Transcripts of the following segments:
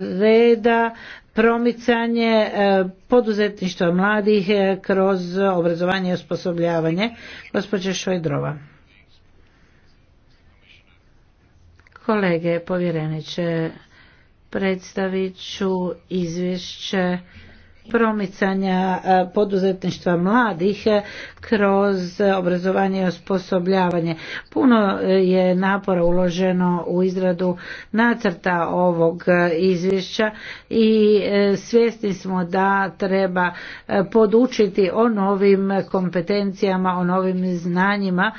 reda promicanje e, poduzetništva mladih e, kroz obrazovanje i osposobljavanje. Gospođa Šojdrova. Kolege povjereniče, predstavit ću izvješće promicanja e, poduzetništva mladih e, kroz obrazovanje i osposobljavanje. Puno e, je napora uloženo u izradu nacrta ovog izvješća i svjesni smo da treba podučiti o novim kompetencijama, o novim znanjima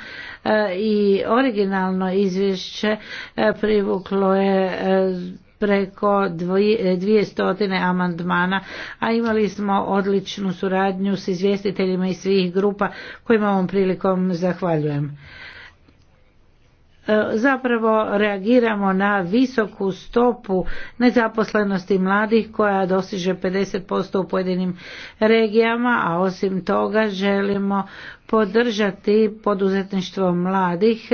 i originalno izvješće privuklo je preko e, stotine amandmana, a imali smo odličnu suradnju s izvjestiteljima iz svih grupa kojima ovom prilikom zahvaljujem e, zapravo reagiramo na visoku stopu nezaposlenosti mladih koja dosiže 50% u pojedinim regijama, a osim toga želimo podržati poduzetništvo mladih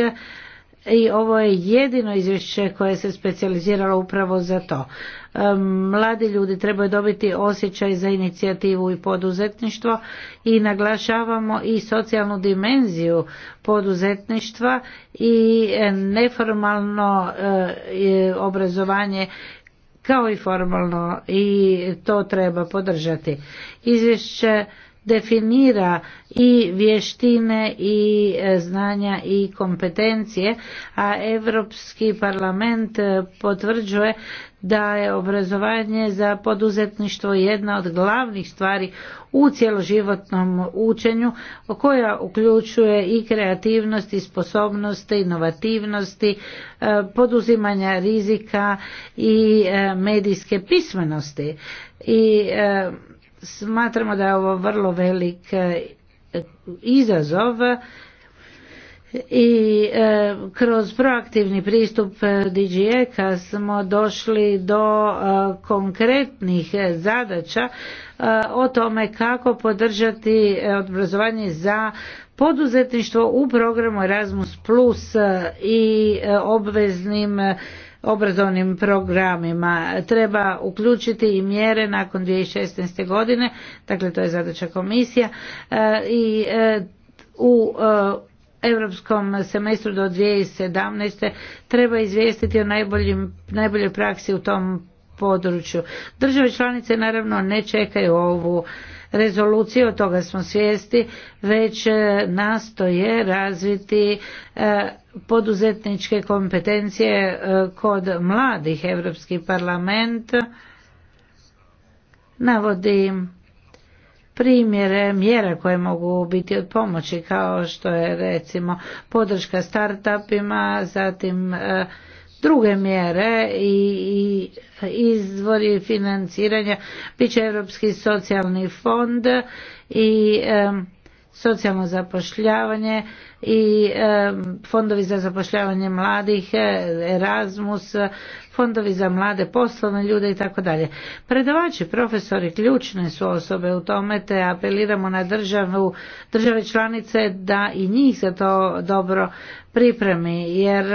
i ovo je jedino izvješće koje se specijaliziralo upravo za to. Mladi ljudi trebaju dobiti osjećaj za inicijativu i poduzetništvo i naglašavamo i socijalnu dimenziju poduzetništva i neformalno e, obrazovanje kao i formalno i to treba podržati. Izvješće definira i vještine i e, znanja i kompetencije, a Europski parlament e, potvrđuje da je obrazovanje za poduzetništvo jedna od glavnih stvari u cjeloživotnom učenju koja uključuje i kreativnost i sposobnost, inovativnosti, e, poduzimanja rizika i medijske pismenosti. I Smatramo da je ovo vrlo velik e, izazov i e, kroz proaktivni pristup e, dgek smo došli do konkretnih zadaća o tome kako podržati obrazovanje za poduzetništvo u programu Erasmus Plus i obveznim obrazovnim programima. Treba uključiti i mjere nakon 2016. godine, dakle to je zadaća komisija e, i e, u e, europskom semestru do 2017. treba izvijestiti o najboljoj praksi u tom području. Države članice naravno ne čekaju ovu rezolucije, od toga smo svijesti, već e, nastoje razviti e, poduzetničke kompetencije e, kod mladih. Europski parlament navodi primjere mjera koje mogu biti od pomoći kao što je recimo podrška startupima, zatim druge mjere i izvori financiranja bit će Europski socijalni fond i socijalno zapošljavanje i fondovi za zapošljavanje mladih, Erasmus, fondovi za mlade poslovne ljude i tako dalje. Predavači, profesori ključne su osobe u tome te apeliramo na državu, države članice da i njih za to dobro pripremi jer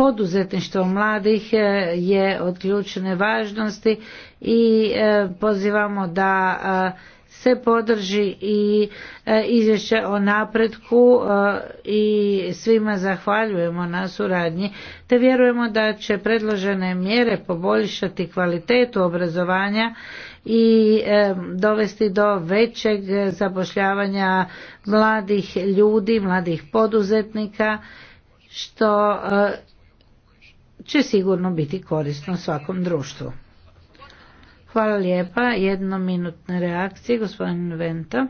poduzetništvo mladih e, je od ključne važnosti i e, pozivamo da e, se podrži i izvješće o napretku i svima zahvaljujemo na suradnji te vjerujemo da će predložene mjere poboljšati kvalitetu obrazovanja i dovesti do većeg zapošljavanja mladih ljudi, mladih poduzetnika što će sigurno biti korisno svakom društvu. Hvala lijepa. Jednominutne reakcije, gospodin Venta.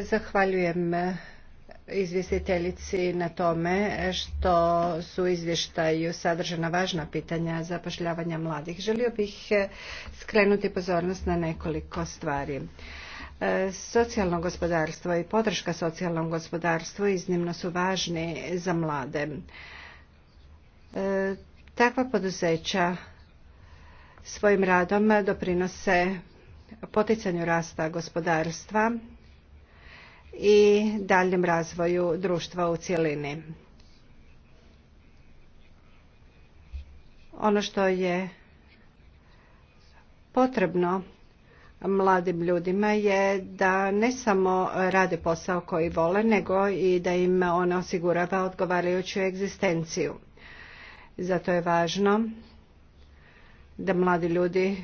Zahvaljujem izvjestiteljici na tome što su u izvještaju sadržana važna pitanja zapošljavanja mladih. Želio bih e, skrenuti pozornost na nekoliko stvari. E, socijalno gospodarstvo i podrška socijalnom gospodarstvu iznimno su važni za mlade. E, takva poduzeća svojim radom doprinose poticanju rasta gospodarstva i daljem razvoju društva u cjelini. Ono što je potrebno mladim ljudima je da ne samo rade posao koji vole, nego i da im ona osigurava odgovarajuću egzistenciju. Zato je važno da mladi ljudi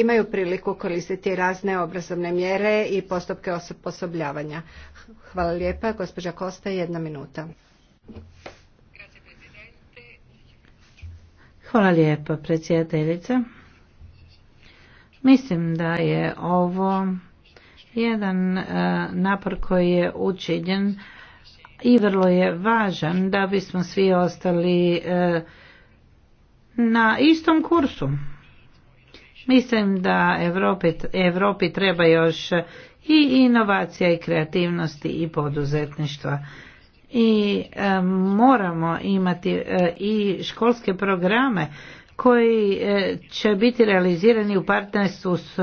imaju priliku koristiti razne obrazovne mjere i postupke osposobljavanja. Hvala lijepa. Gospođa Kosta, jedna minuta. Hvala lijepa, predsjedateljice. Mislim da je ovo jedan e, napor koji je učinjen i vrlo je važan da bismo svi ostali e, na istom kursu. Mislim da Evropi Evropi treba još i inovacija i kreativnosti i poduzetništva. I e, moramo imati e, i školske programe koji e, će biti realizirani u partnerstvu s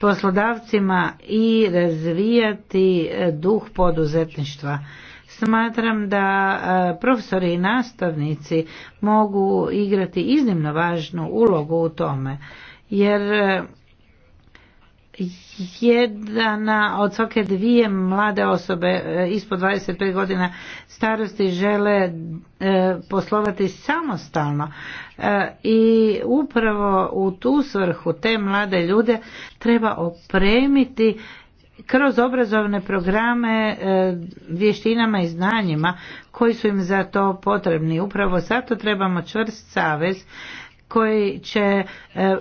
poslodavcima i razvijati duh poduzetništva. Smatram da profesori i nastavnici mogu igrati iznimno važnu ulogu u tome jer e, jedna od svake dvije mlade osobe e, ispod 25 godina starosti žele e, poslovati samostalno i upravo u tu svrhu te mlade ljude treba opremiti kroz obrazovne programe vještinama i znanjima koji su im za to potrebni. Upravo zato trebamo čvrst savez koji će e,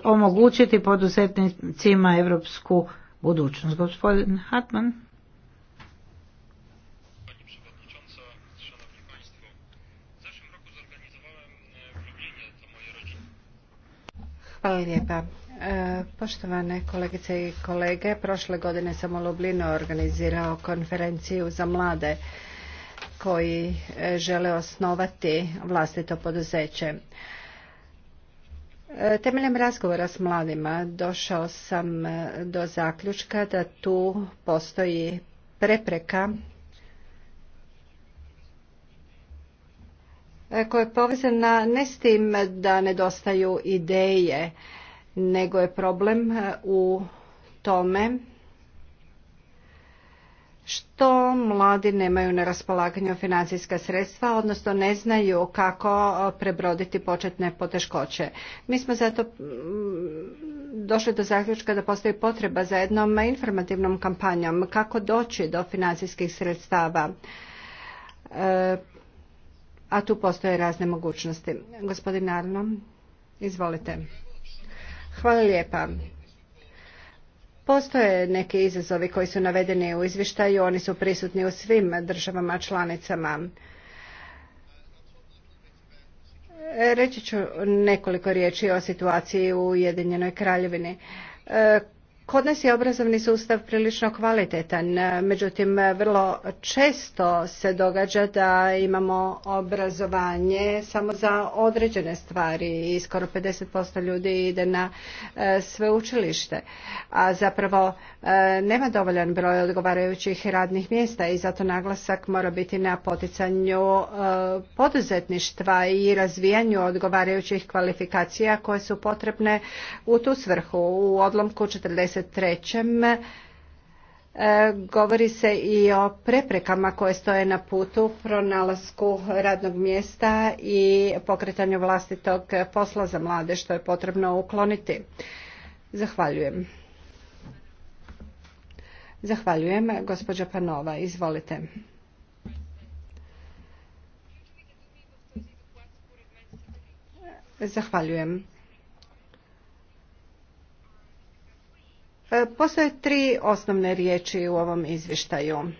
omogućiti poduzetnicima europsku budućnost. Gospodin Hartman. Hvala lijepa. E, poštovane kolegice i kolege, prošle godine sam u Lublinu organizirao konferenciju za mlade koji e, žele osnovati vlastito poduzeće. Temeljem razgovora s mladima došao sam e, do zaključka da tu postoji prepreka e, koja je povezana ne s tim da nedostaju ideje, nego je problem e, u tome što mladi nemaju na raspolaganju financijska sredstva, odnosno ne znaju kako e, prebroditi početne poteškoće. Mi smo zato došli do zaključka da postoji potreba za jednom informativnom kampanjom kako doći do financijskih sredstava. E, a tu postoje razne mogućnosti. Gospodin Arno, izvolite. Hvala lijepa. Postoje neki izazovi koji su navedeni u izvještaju, oni su prisutni u svim državama članicama. Reći ću nekoliko riječi o situaciji u Ujedinjenoj kraljevini. E, Kod nas je obrazovni sustav prilično kvalitetan, e, međutim e, vrlo često se događa da imamo obrazovanje samo za određene stvari i skoro 50% ljudi ide na e, sveučilište, a zapravo nema dovoljan broj odgovarajućih radnih mjesta i zato naglasak mora biti na poticanju poduzetništva i razvijanju odgovarajućih kvalifikacija koje su potrebne u tu svrhu. U odlomku 40 Trećem, e, Govori se i o preprekama koje stoje na putu, pronalasku radnog mjesta i pokretanju vlastitog posla za mlade što je potrebno ukloniti. Zahvaljujem. Zahvaljujem. Gospođa Panova, izvolite. Zahvaljujem. E, postoje tri osnovne riječi u ovom izvještaju.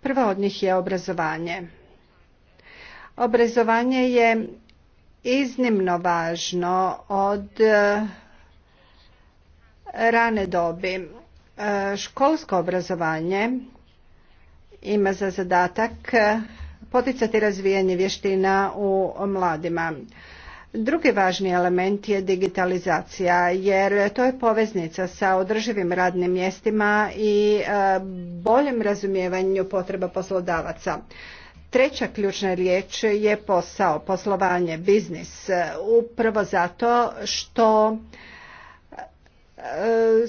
Prva od njih je obrazovanje. Obrazovanje je iznimno važno od e, rane dobi. E, školsko obrazovanje ima za zadatak poticati razvijanje vještina u mladima. Drugi važni element je digitalizacija jer to je poveznica sa održivim radnim mjestima i e, boljem razumijevanju potreba poslodavaca. Treća ključna riječ je posao, poslovanje, biznis. Upravo zato što e,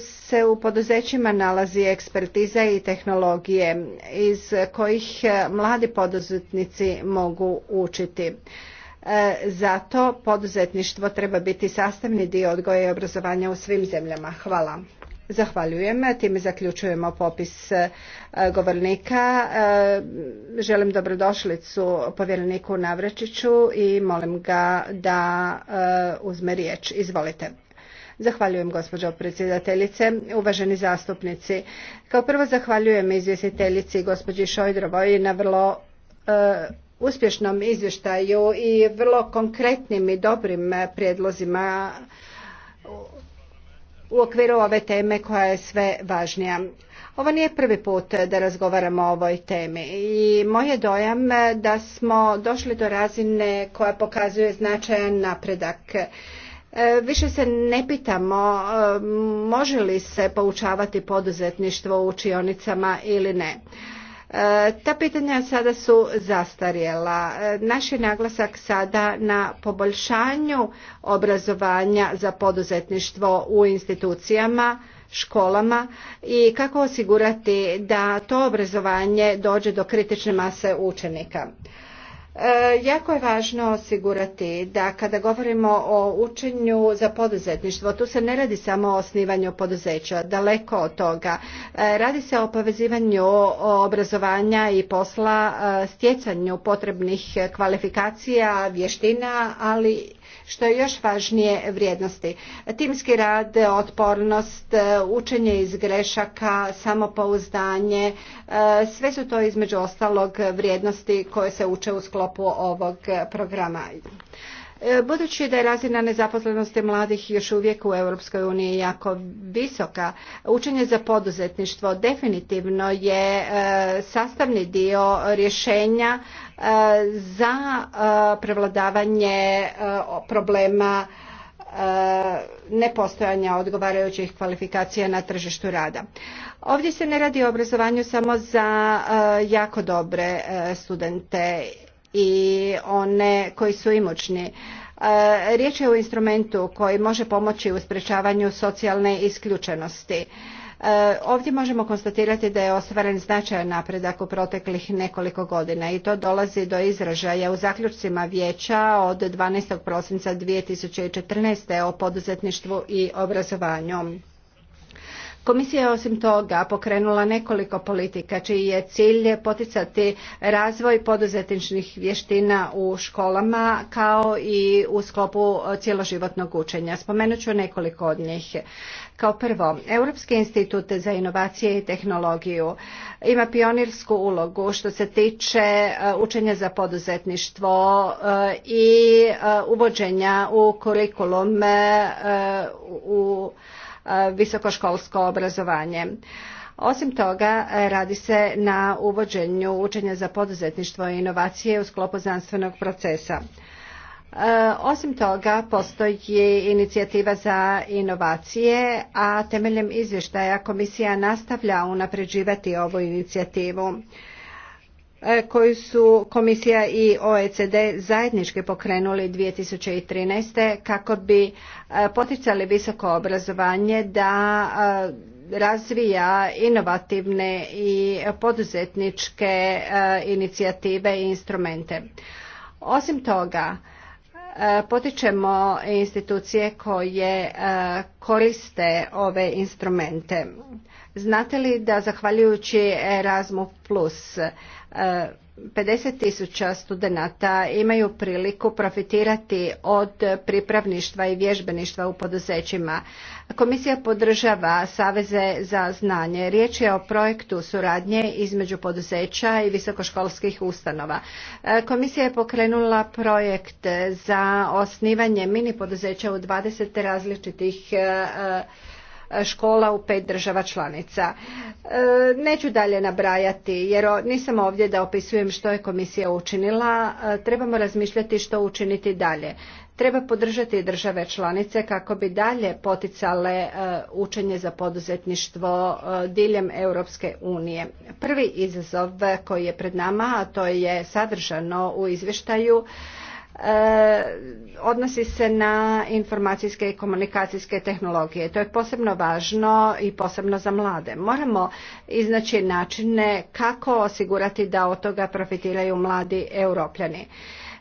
se u poduzećima nalazi ekspertiza i tehnologije iz kojih mladi poduzetnici mogu učiti. E, Zato poduzetništvo treba biti sastavni dio odgoja i obrazovanja u svim zemljama. Hvala. Zahvaljujem. Time zaključujemo popis e, govornika. E, želim dobrodošlicu povjereniku Navračiću i molim ga da uzme riječ. Izvolite. Zahvaljujem gospođo predsjedateljice, uvaženi zastupnici. Kao prvo zahvaljujem izvjestiteljici gospođi Šojdrovoj na vrlo uspješnom izvještaju i vrlo konkretnim i dobrim eh, prijedlozima eh, u okviru ove teme koja je sve važnija. Ovo nije prvi put da razgovaramo o ovoj temi i moj je dojam eh, da smo došli do razine koja pokazuje značajan napredak. Više se ne pitamo može li se poučavati poduzetništvo u učionicama ili ne. E, ta pitanja sada su zastarjela. E, naš je naglasak sada na poboljšanju obrazovanja za poduzetništvo u institucijama, školama i kako osigurati da to obrazovanje dođe do kritične mase učenika. E, jako je važno osigurati da kada govorimo o učenju za poduzetništvo, tu se ne radi samo o osnivanju poduzeća, daleko od toga. E, radi se o povezivanju obrazovanja i posla, e, stjecanju potrebnih kvalifikacija, vještina, ali što je još važnije vrijednosti. Timski rad, otpornost, učenje iz grešaka, samopouzdanje, sve su to između ostalog vrijednosti koje se uče u sklopu sklopu ovog programa. E, budući da je razina nezaposlenosti mladih još uvijek u Europskoj uniji jako visoka, učenje za poduzetništvo definitivno je e, sastavni dio rješenja e, za prevladavanje problema nepostojanja odgovarajućih kvalifikacija na tržištu rada. Ovdje se ne radi o obrazovanju samo za jako dobre studente i one koji su imućni. E, riječ je o instrumentu koji može pomoći u sprečavanju socijalne isključenosti. E, ovdje možemo konstatirati da je ostvaren značajan napredak u proteklih nekoliko godina i to dolazi do izražaja u zaključcima vijeća od 12. prosinca 2014. o poduzetništvu i obrazovanju. Komisija je osim toga pokrenula nekoliko politika čiji je cilj poticati razvoj poduzetničnih vještina u školama kao i u sklopu cjeloživotnog učenja. Spomenut ću nekoliko od njih. Kao prvo, Europski institut za inovacije i tehnologiju ima pionirsku ulogu što se tiče e, učenja za poduzetništvo e, i e, uvođenja u kurikulum u visokoškolsko obrazovanje. Osim toga, radi se na uvođenju učenja za poduzetništvo i inovacije u sklopu znanstvenog procesa. E, osim toga, postoji inicijativa za inovacije, a temeljem izvještaja komisija nastavlja unapređivati ovu inicijativu. E, koju su komisija i OECD zajednički pokrenuli 2013. kako bi e, poticali visoko obrazovanje da e, razvija inovativne i poduzetničke inicijative i instrumente. Osim toga, potičemo institucije koje koriste ove instrumente. Znate li da zahvaljujući Erasmus Plus 50 tisuća studenata imaju priliku profitirati od pripravništva i vježbeništva u poduzećima. Komisija podržava Saveze za znanje. Riječ je o projektu suradnje između poduzeća i visokoškolskih ustanova. E, komisija je pokrenula projekt za osnivanje mini poduzeća u 20 različitih e, škola u pet država članica. E, neću dalje nabrajati jer nisam ovdje da opisujem što je komisija učinila, e, trebamo razmišljati što učiniti dalje. Treba podržati države članice kako bi dalje poticale e, učenje za poduzetništvo diljem Europske unije. Prvi izazov koji je pred nama, a to je sadržano u izvještaju, Eh, odnosi se na informacijske i komunikacijske tehnologije. To je posebno važno i posebno za mlade. Moramo iznaći načine kako osigurati da od toga profitiraju mladi europljani.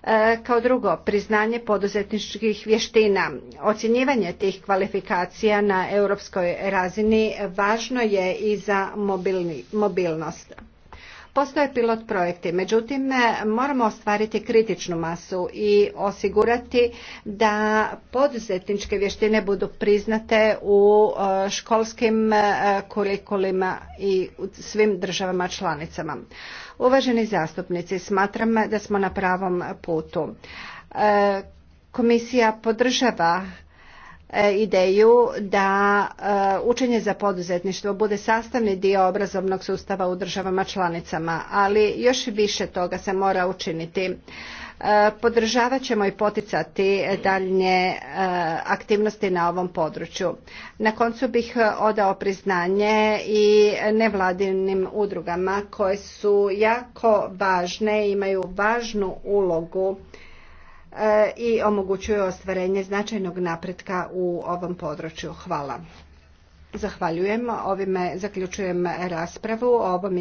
Eh, kao drugo, priznanje poduzetničkih vještina. Ocjenjivanje tih kvalifikacija na europskoj razini važno je i za mobilnost. Postoje pilot projekti, međutim e, moramo ostvariti kritičnu masu i osigurati da poduzetničke vještine budu priznate u e, školskim e, kurikulima i u svim državama članicama. Uvaženi zastupnici, smatram da smo na pravom putu. Komisija podržava E, ideju da e, učenje za poduzetništvo bude sastavni dio obrazovnog sustava u državama članicama, ali još više toga se mora učiniti. E, podržavat ćemo i poticati daljnje aktivnosti na ovom području. Na koncu bih odao priznanje i nevladinim udrugama koje su jako važne i imaju važnu ulogu E, i omogućuje ostvarenje značajnog napretka u ovom području. Hvala. Zahvaljujem. Ovime zaključujem raspravu o ovom